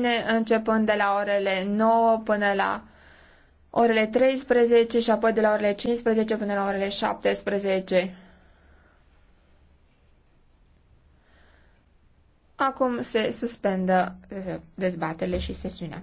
mâine, începând de la orele 9 până la orele 13 și apoi de la orele 15 până la orele 17. Acum se suspendă eh, dezbatele și sesiunea.